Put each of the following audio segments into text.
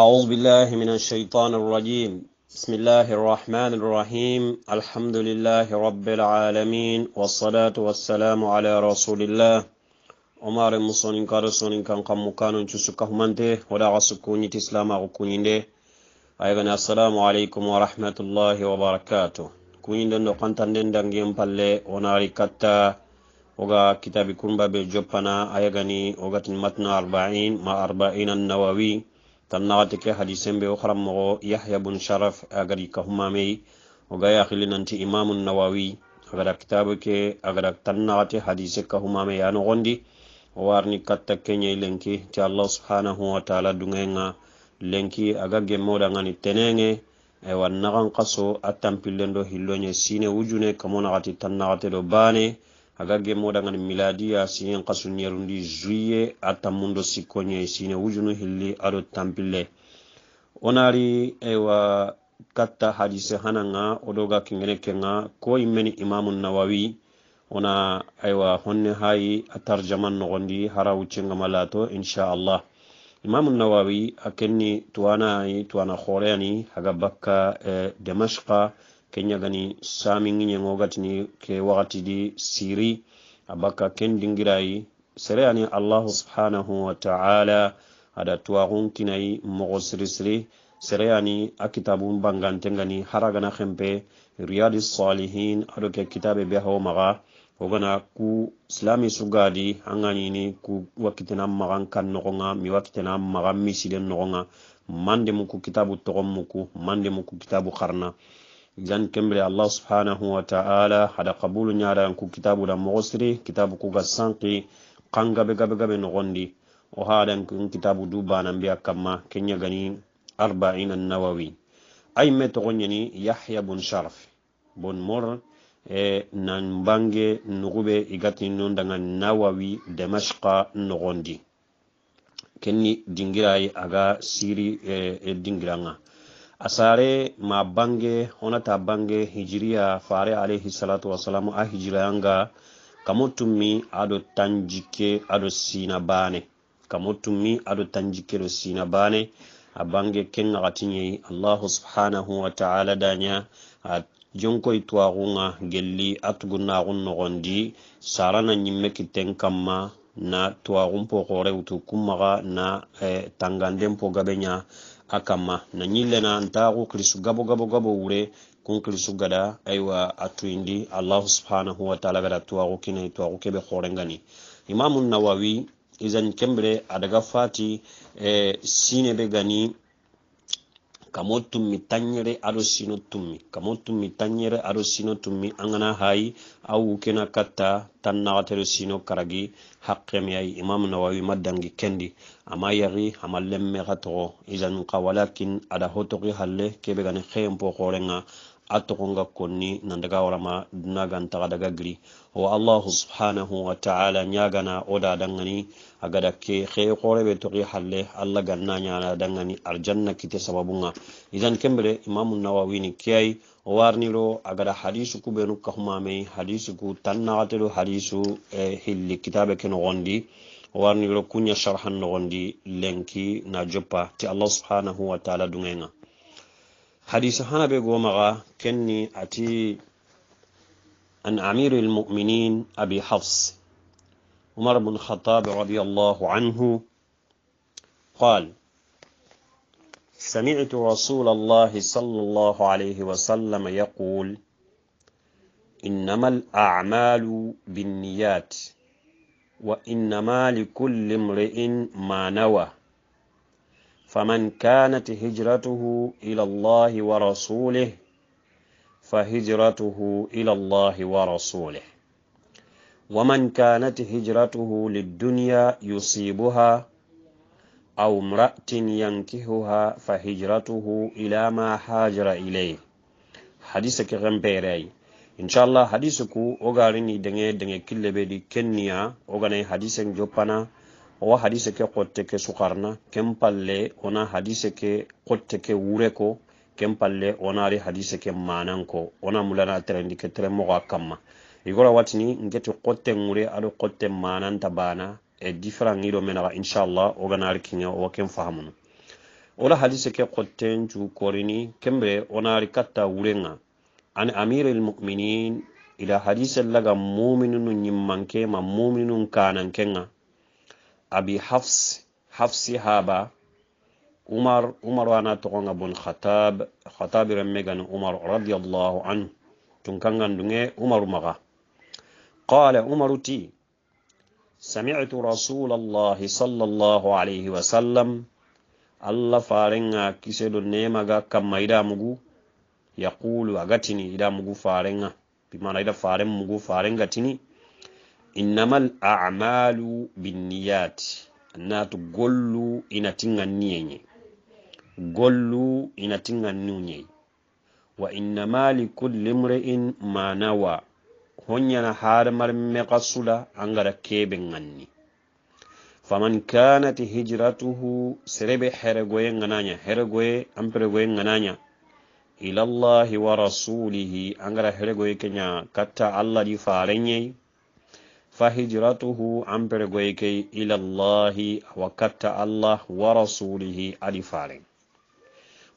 أعوذ بالله من الشيطان الرجيم بسم الله الرحمن الرحيم الحمد لله رب العالمين والصلاة والسلام على رسول الله عمر مصون كارسون كان قم كانوا تشسكه منته ولا عسكوني تسلام أغكوني أيضا السلام عليكم ورحمة الله وبركاته كوني دندو قنطن دندن جيم بالله وناري كتا وغا كتابي كنبا بجبنا أيضا وغا تنمتنا أربعين ما أربعين النووي tannaxate ke hadisen be wo xaranmoxo yahya bun sharaf agari kahumamey oga yaxili nanti imamu nawawi agada kitabu ke agada tannaxate hadise kahumamey a noxondi o warni katta keñei lenki ti allah subhanahu wa taala dungenga lenki aga gemmoɗangani tenenge ewa naxan qaso a tampillen do hilloñe sine wujune kamo naxati tannaxate do bane aga gemo dangan miladiya nyerundi zuye ata mundo sikonye sine wujunu hili ado tampile. onari ewa kata hadise hana hananga oɗoga kengene kenga ko imeni imamu nawawi ona aywa honne hayi a tarjaman nogondi hara malato insha Allah imamu nawawi a kenni tuwanayi tuwana horeyani haga bakka e, Kenya gani kenyagani ni ke wakatidi siri abaka ken sere ani allahu subhanahu wa taala ada tuwaxun kinayi moxo sirisiri sereyani a kitabun bangantengani haragana khempe riyadi salihin ado ke kitabe beha hawo maxa ku islami sugadi an ga ku wakitena maga kan noxonga mi wakitena maxan misiden noxonga mandemu muku kitabu toxon muku kitabu kharna jan kembre allah subhanahu wa ta'ala hada qabulu nyara ku kitabu da mogosiri kitabu kuga sanki kan gabe gabe gabe gondi o hadan kun kitabu du banan biya kenya gani arba'in an-nawawi ay me togonyani yahya bun sharaf bun mor e nan bange nugube igati non daga nawawi damashqa nogondi kenni dingirayi aga siri e, e dingiranga asare ma bange honata bange hijiriya fare alayhi salatu wasalam a hijirayanga kamo tummi aɗo tanjike aɗo sina bane kamo tummi aɗo tanjike ɗo sina bane a bange kengakatiyei allahu subhanahu wataala daya a jonkoy twagunga gelli atugunnagun nogondi sarana yimme kiten kamma na twagunpo korewutu kummaga na eh, tanganden po gabeya akama na nyile na ntaxu kilisu gabo gabo gabo wure kun kilisu gada aywa atuindi Allah subhanahu wa taala gada tuwaxu kine tuwaxu keɓe khorengani imamu nawawi izan kembere adaga daga fati eh, sine be gani kamo tummi tanyere aɗo sino tumi kamo tummi tanyere aɗo sino tummi an gana hayi a wukena katta tan sino karagi haqqemi ayi imam nawawi ma dangi kendi ama yaxi ama lemme xa toxo isanun walakin aɗa hotoxi halle keɓe gani xeyenpo xorenga a togonga konni nandaga warama gan taga daga giri wa allahu subhanahu wa ta'ala nyagana oda dangani agada ke khe qorebe togi halle alla ganna nyana dangani arjanna kite sababunga idan kembere imamu nawawi ni kiyai warniro agada hadisu ku benu kahumame hadisu ku tannagatelo hadisu eh, hilli kitabe ke nogondi warniro kunya sharhan nogondi lenki na joppa ti allah subhanahu wa ta'ala dungenga حديث هنا بيقومغا كني أتي عن أمير المؤمنين أبي حفص عمر بن الخطاب رضي الله عنه قال سمعت رسول الله صلى الله عليه وسلم يقول إنما الأعمال بالنيات وإنما لكل امرئ ما نوى faman kanat hijratuhu ila Allahi wa rasulih fahijratuhu ila Allahi wa rasulih waman kanat hijratuhu lidunya yusibuha au mratin yankihuha fahijratuhu ila ma hajara ilayh hadisa ke gambeeray inchallah hadisu ku ogarini denge denge killebedi kenniya oganay hadisen joppana wa hadise ke qotte ke sukarna kempalle ona hadise ke qotte ke wure kempalle ona ri hadise ke mananko ona mulana trendi ke tere mogo a igora watini ngeti qotte ngure ado qotte manan tabana e different ŋiɗo menaxa inshallah wo ganari kiŋe owa ken fahamunu ola hadise ke qotten cu korini kembe ona onari katta wurenga an amir mu'minin ila hadise laga muminunu ñimmankema muminunun kanankenga abi hafs hafsi haba umar umar wana togonga bon khatab khatab remme umar radiyallahu anhu tun kangan dunge umar maga qala umar ti sami'tu rasulullah sallallahu alaihi wasallam allah farenga kiselo nemaga kamma ida mugu yaqulu agatini ida mugu farenga bimana ida faren mugu tini innama al amalu binniyat annaatu gollu ina tinganniyeñe gollu ina tinganniuñey wa innama likulli mri'in manawa hoñana haarmar meqa sula angara keɓe ganni faman kanat hijratuhu serebe heregoye ganaña heregoye ampiregoye ganaña ilallahi wa rasulihi angara heregoye keña katta allah ɗi fareñey فهجرته عن برغويك إلى الله وكت الله ورسوله علي فارن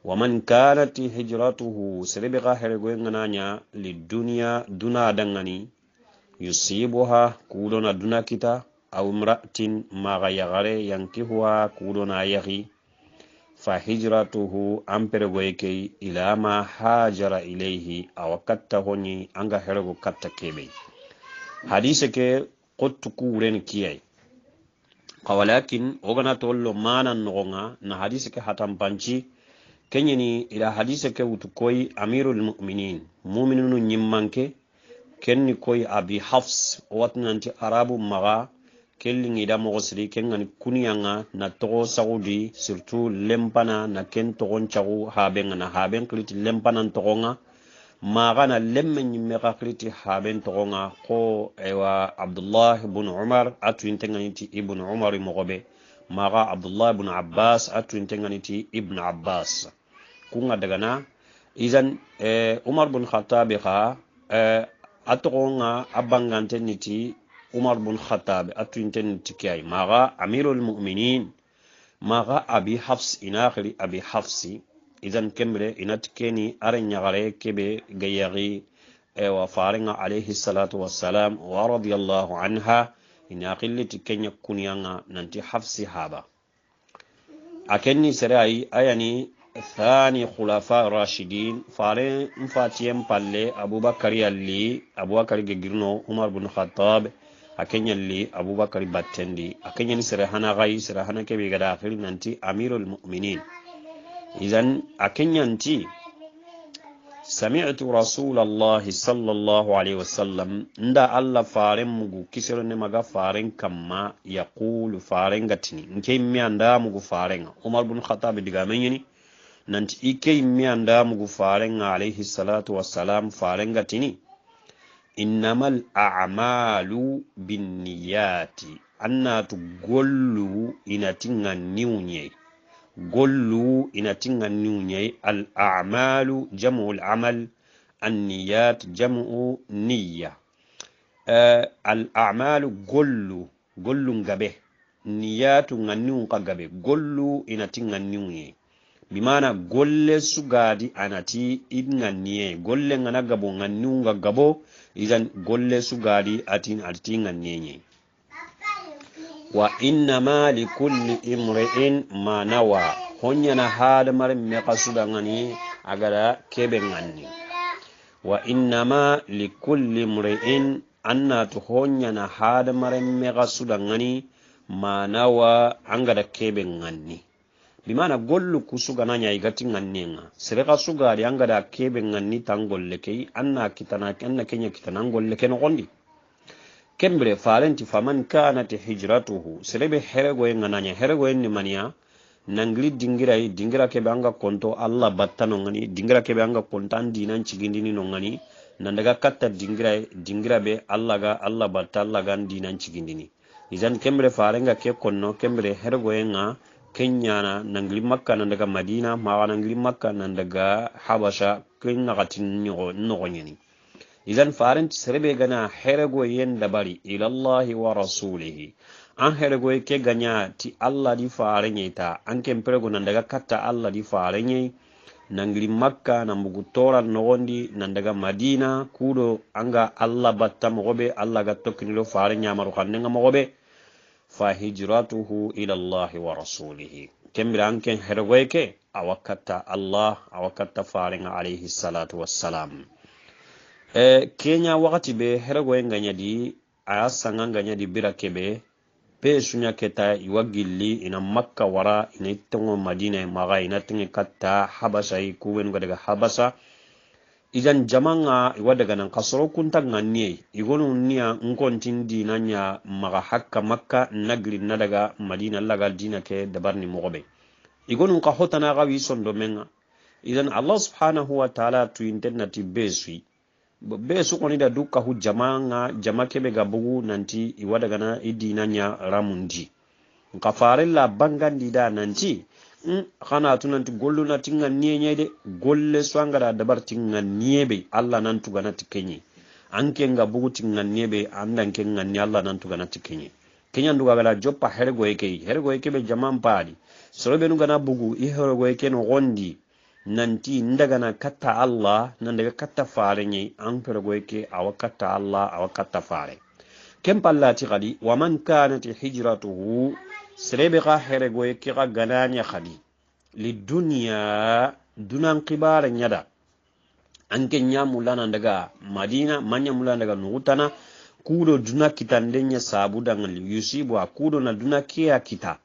ومن كانت هجرته سربغا هرغوينغنانيا للدنيا دنا دنغني يصيبها كولونا دنا كتا أو امرأة ما غيغري ينكهها كولونا يغي fahijratuhu an pergoyekey ilama hajara ilayhi awa katta honi anga herego katta keɓey hadisa ke qottu kuren kiyai kawalakin ogana tollo manan nogonga na hadisa ke hatampanci ni ila hadisa ke wutu amiru amirul mu'minin mu'minunu nyimmanke kenni koi abi hafs nanti arabu maga kelling ida mogo siri ni kuniyanga na togo saudi surtout lempana na ken togon cagu haben na haben kiliti lempana togonga ماغانا لمن مغاكريتي حابين تغونا قو ايوا عبد الله بن عمر اتوين تنغانيتي ابن عمر مغبي ماغا عبد الله بن عباس اتوين تنغانيتي ابن عباس كونغا دغنا اذن اه عمر بن خطاب خا اه اتغونا ابانغان عمر بن خطاب اتوين تنيتي كاي ماغا امير المؤمنين ماغا ابي حفص اناخري ابي حفصي idan kembire inati keni are ñagare kebe geyagi ewa farenga alayhi salatu wassalam wa radiallahu anha ina xilliti kenya kuniyanga nanti hafsi haba a kenni sere ayi ayani ثاني خلفاء راشدين فارين مفاتيم بالي أبو بكر يلي أبو بكر جيرنو عمر بن الخطاب أكن يلي أبو بكر باتندي أكن يلي سرحنا غاي سرحنا كبي غدا آخر ننتي أمير المؤمنين إذن أكن ينتي سمعت رسول الله صلى الله عليه وسلم ندا الله فارن مغو كسر نمغا فارن كما يقول فارن غتني نكي دا مغو فارن عمر بن خطاب دقا من يني ننت nanti i kei miyanda mugu farenga alayhi salatu wassalam farenga tini innamal amalu binniyati annatu gollu inatinga niwñey gollu ina tinga niuñayi al amalu jamu l amal anniyat jamu niya eh, al amalu gollu gollu gabe niyatu ga niu ka gabe gollu ina tinga niuñe bimana golle sugadi anati inga niye golle ngana gabo ga niu ga gabo isan golle sugadi atin atitinga niyeñeyi wa li kulli imri'in ma nawa honyana hadamar me kasuda ngani agada kebe ngani wa li kulli imri'in annatu honyana hadamar me kasuda ngani ma nawa angada kebe ngani bimana gollu kusuga nanya igati ngannenga sereka suga ari angada kebe ngani tangolle kei anna kitana kenya kitana ngolle ken gondi kembire falenti faman kanat hijratuhu serebe heregoye ŋananya ni nimaniya nangili dingirai, dingira kebe anga konto allah batta nongani, dingira kebe anga konto an dinan cigindini no nongani, nandaga katta dingirayi dingira be allah ga allah batta allah ga an dinan cigindini izan kembre farenga ke konno kembire hergoye ŋa kenyana nangili makka nandaga madina mawa nangili makka nandaga habasha ken nagatin nogo ñeni idan farenti serebe gana herego yenda bari ilallahi wa rasulihi an herego ke ganya ti allah di farenyeta an ken perego nan daga katta allah di farenye nangiri makka nambugu tora nogondi nan daga madina kudo anga allah batta mogobe allah ga tokkinilo farenyamaru kannenga mogobe fa hijratuhu ilallahi wa rasulihi kembira an ken herego ke awakatta allah awakatta farenga alayhi salatu wassalam eh, kenya wakati be heregoyen ga ɲadi a y'a sangan ga bira kebe pe sunya keta iwa gilli ina makka wara ina tongo madina maga ina tinge katta habasa i kuwenu ga daga habasa idan jamanga iwa daga nan kasoro kunta nga igonu niya nkontin dina nya maga hakka makka nagri na daga madina laga dina ke dabar ni mogobe igonu ka hotana gawi sondo menga idan allah subhanahu wa ta'ala tuinten nati besui be da duka hu jama nga jama kebe ga bugu nanti iwadagana i dina ya ramundi nka farilla da nanti mm, kana tu nanti na tinga niyeyede golle swangada dabar tinga niyeɓe allah nantuganati an anke nga bugu tinga niyeɓe andanke ganni allah nantuganati keñe keñandugagala joppa hergoye key hergoye jama mpadi sorobe soroɓenu gana bugu i hergo ke no gondi nanti ndagana katta allah ndaga katta fare ne an peregoy ke awa katta allah awa katta fare ti gadi kadi man kanat hijratuhu serebe ka heregoye ke ka khadi kadi dunya dunan kibare ñada anke mulana daga madina manya daga nugutana kuuɗo duna kitande ña sabudangal yusibu a na duna keya kita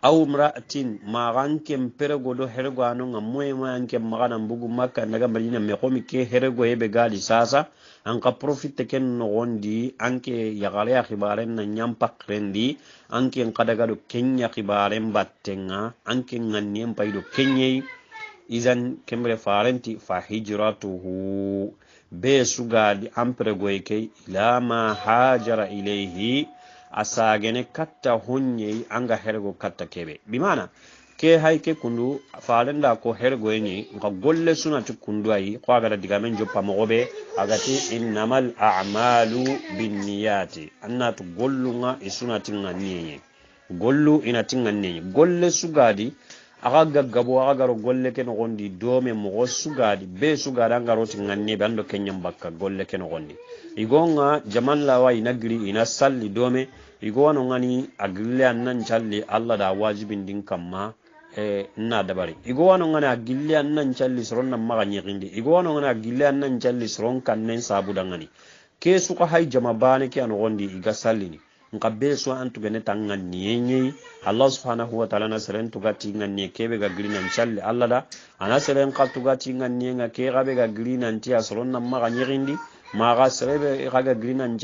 aw imra'atin ma gankem perego do herego anu ngamoy ma ankem magana mbugu makka naga madina me komi ke herego yebe gali sasa an ka profite ken nogondi anke yagale ya khibaren na nyampa krendi anke nkadaga do kenya khibaren battenga anke nganniem kenya kenyei izan kemre farenti fa hijratuhu be sugadi ampere goyke ila ma hajara ilayhi asagene katta hunyei anga hergo katta kebe bimana ke haike kundu farenda ko hergo yenye nga golle sunati kundu ayi ko agata digamen jo pamogobe agati innamal a'malu binniyati annatu gollunga isunati nga niyenye gollu inati nga niyenye golle sugadi aga gaggabo aga garo golle ke nogondi dome suga sugadi be sugadi an garoti ganne bando ando kenyan bakka golle ke gondi igonga jaman lawa ina nagri ina salli dome igo wano ngani agille annan nan alla allah da wajibin din kamma e nna dabari igo wano ngani agille annan nan calli soron ma maga gindi igo wano ngani agille annan nan calli soron kannen sabu dangani ke suka hay jama bane ke gondi iga sallini nka be so an tuga ne tan ngan niyenye allah subhanahu wa ta'ala na seren tuga ti ngan ne kebe ga gili nan allah da ana seren ka tuga ti ngan ne ke ga be ga gili nan ti nan ma ga nyirindi ma ga serebe ga ga gili nan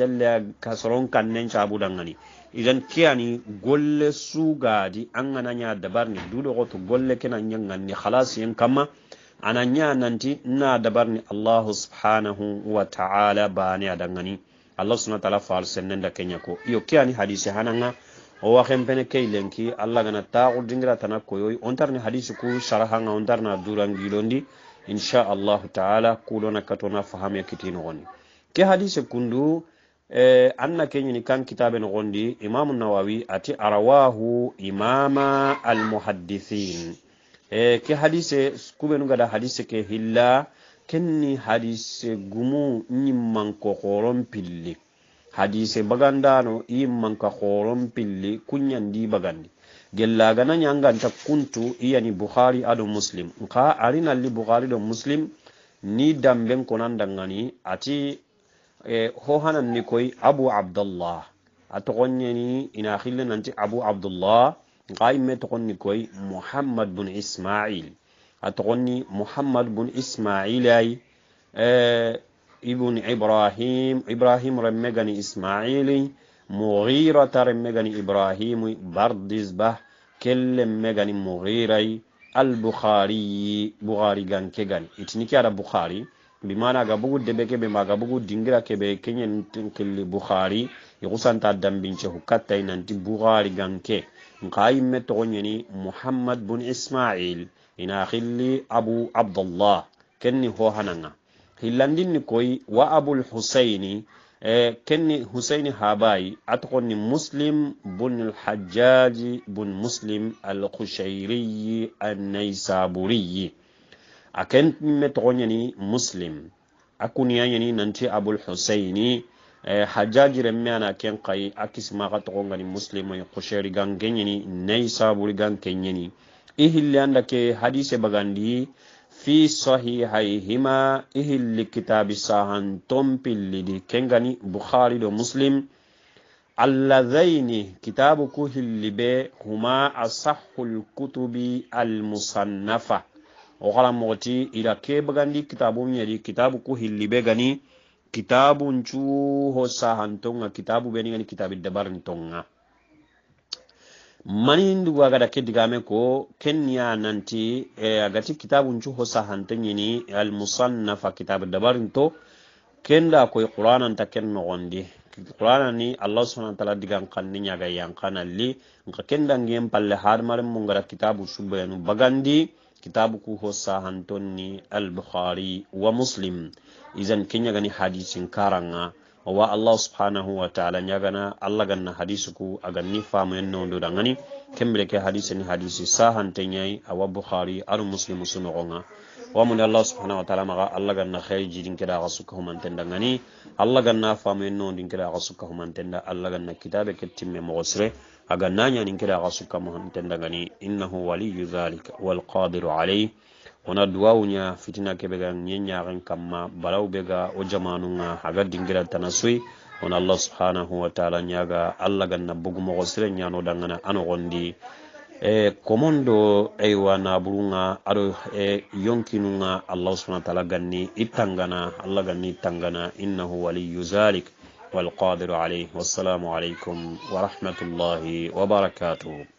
ka soron kan nen cha bu dangani idan kiyani golle su gadi an gana nya dabar ni dudo golle kena nyangan ni khalas yen kama ana nya nanti na dabar ni allah subhanahu wa ta'ala bani adangani allah subhanahu wa ta'ala fal sennen da kenya ko iyo kiani hadisi hananga o waxen pene keilenki allah gana dingra tanak ko yo koyoy ontarni hadisi ku sarahanga ontarna durangilondi insha allah taala kulona katona faham ya kiti noxoni ke hadisi kundu eh, anna kenya ni kan kitabe noxondi imamu nawawi ati arawahu imama al muhaddithin eh, ke hadise kubenu gada hadise ke hilla kenni hadise gumu yin manko horon pilli hadise bagandano yin manka horon pilli kunyandi bagandi gellagana ta kuntu iyani bukhari adu muslim nka li bukhari do muslim ni damben dangani? ati e, ho ni koy abu abdallah a ni ina xille nanti abu abdullah nka to togonni koy muhammad bin ismail هتغني محمد بن إسماعيلي آه ابن إبراهيم إبراهيم رمجني إسماعيلي مغيرة رمجني إبراهيم بردز به كل مجني مغيري البخاري بخاري جان كجان إتنيكي على بخاري bimana ga bugu debe kebe ma ga bugu dingira kebe kenyen tinkili bukhari ikusanta dambinche hukatta inanti bukhari ganke nka imme togo nyeni muhammad bun ismail ina hilli abu abdullah kenni ho hananga hillandinni koi wa abul husaini e kenni husaini habayi atokonni muslim bun lhajaji bun muslim alkushairiyi annaisaburiyi a kenme togoñani muslim a kuniyañani nanti abul husaini e, hajajire me ana ken kayi a kisimaka togongani muslim e, kushairi gan keñani naisaburi gan ke hadise bagandi fi sahihayhima ihilli kitabi sahan di kengani bukhari do muslim alladaini kitabu ku hilli be huma asahul kutubi almusannafa o kala mogoti ila ke bagandi kitabu nyeri kitabu ku hilli be gani kitabu ncu ho sahan tonga kitabu gani kitabi dabarni ntonga manindu da ke digame ko kenya nanti e, eh, agati kitabuncu ho sahante ñini kitabu kitabe dabarinto kenda koy qurananta ken gondi qur'ana ni allah subhanahu wa ta'ala digan kanni nyaga yang li nka kenda ngem palle har mungara kitabu subayanu bagandi kitabu ku hosa hantonni al-bukhari wa muslim izan kenya gani hadisin karanga wa allah subhanahu wa ta'ala nyagana allah ganna hadisu ku aganni famu en no ndo ngani kembere ke hadise ni hadisi sahan tenyai awa bukhari aru muslim sunu gonga wa mun allah subhanahu wa ta'ala maga allah ganna khairi jidin kida gasuka human tenda ngani allah ganna famu en no ndin kida gasuka human tenda allah ganna kitabe ke timme mo gosre aganna nya nin kida gasuka human tenda ngani innahu waliyyu dhalika wal qadiru alayhi wona duwawu ɲa fitina kebe ga ɲe ɲagen kanma balaw be ga o jamanu ga a ga dingira tana soyi wona allah subhanahu wa taala ɲaga allah ganna bugumogo sire ɲano dangana a nogondi e komon do eywa naburu ga aɗo e yonkinu ga allah subhana taala ganni i tangana allah ganni tangana innahu waliyu zalik والقادر عليه والسلام عليكم ورحمة الله وبركاته